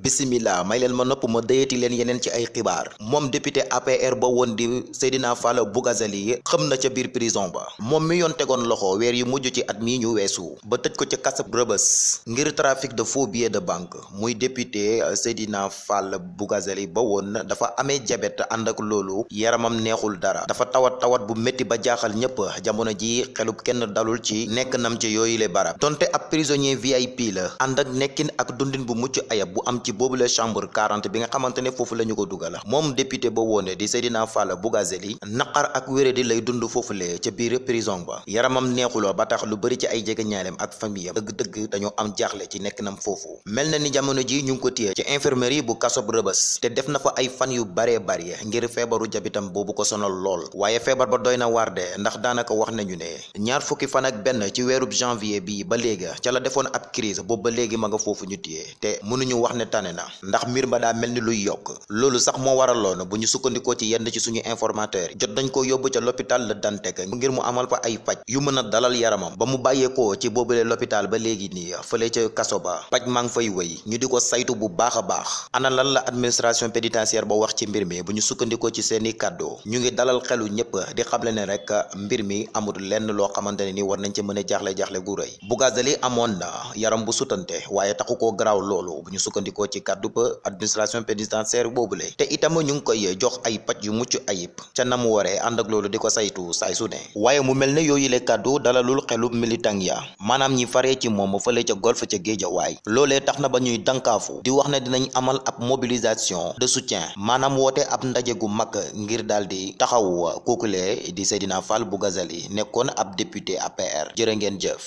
bisimila may leen ma nopp ma dayati leen yeneen ci ay xibaar moom député APR ba woon di Seydina Fall Bougazelli xam na ca biir prison ba moom mi yoon tegoon loxo weer yu mujj ci at mii ñu weesu ba tëj ko ci kasab Rebeuss ngir trafic de faux billets de banque muy député euh, Seydina Fall Bougazelli ba woon dafa ame jabet ànd ak loolu yaramam neexul dara dafa tawat tawat bu métti ba jaaxal ñépp jamono ji xelub kenn dalul ci nekk nam ci yooyu le barab donte ab prisonnier VIP boobu la chambre 40 bi nga xamante foofu la ñu ko dugal moom député ba woone di Seydina Fall Bougazelli naqar ak wéradi lay dund foofu le ca biir prison ba yaramam neexuloo ba tax lu bari ci ay jege ñaaleem ak famille dëgg-dëgg dañoo am jaaxle ci nekk nam foofu mel na ni jamono ji ñu ngi ko téye ci infirmerie bu kasob rëbës te def na fa ay fan yu baree bari ngir feebaru jabitam boobu ko sonal lool waaye feebar ba doy na waarde ndax daanaka wax nañu ne ñaar fukki fan ak benn ci weerub janvier bi ba léegi ca la defoon ab crise boobu ba léegi ma foofu ñu téye tane na ndax mbir ma daa mel ni luy yokk loolu sax moo waraloon bu ñu sukkandikoo ci yenn ci suñu informateur yi jot dañ ko yóbbu ca l'hôpital Le Dantec ngir mu amal fa ay paj yu mën a dalal yaramam ba mu bàyyeekoo ci boobule l'hôpital ba léegi nii fële ca kaso ba paj maa fay wëy ñu di ko saytu bu baax a baax ana lan la administration pénitentiaire ba wax ci mbir mi bu ñu sukkandikoo ci seeni kàddu ñu ngi dalal xelu ñëpp di xamle ne rek mbir mi amul lenn loo xamante ne ni war nañ ci mën a jaaxle jaaxle gu rëy bu ci kàddu ba administration boobu boobule te itam a ñu ngi koy jox ay paj yu mucc ayib ca na mu waree ànd ak loolu di ko saytu saay su ne waaye mu mel ne yooyule kàddu dalalul xelu militant ya maanaam ñi faree ci moom fële ca golf ca géejawaay loolee tax na ba ñuy dankaafu di wax ne dinañ amal ab mobilisation de soutien maanaam woote ab ndaje gu mag ngir daal di taxaw kookulee di Seydina Fall Bougazelli nekkoon ab député APR jërë ngeen jëf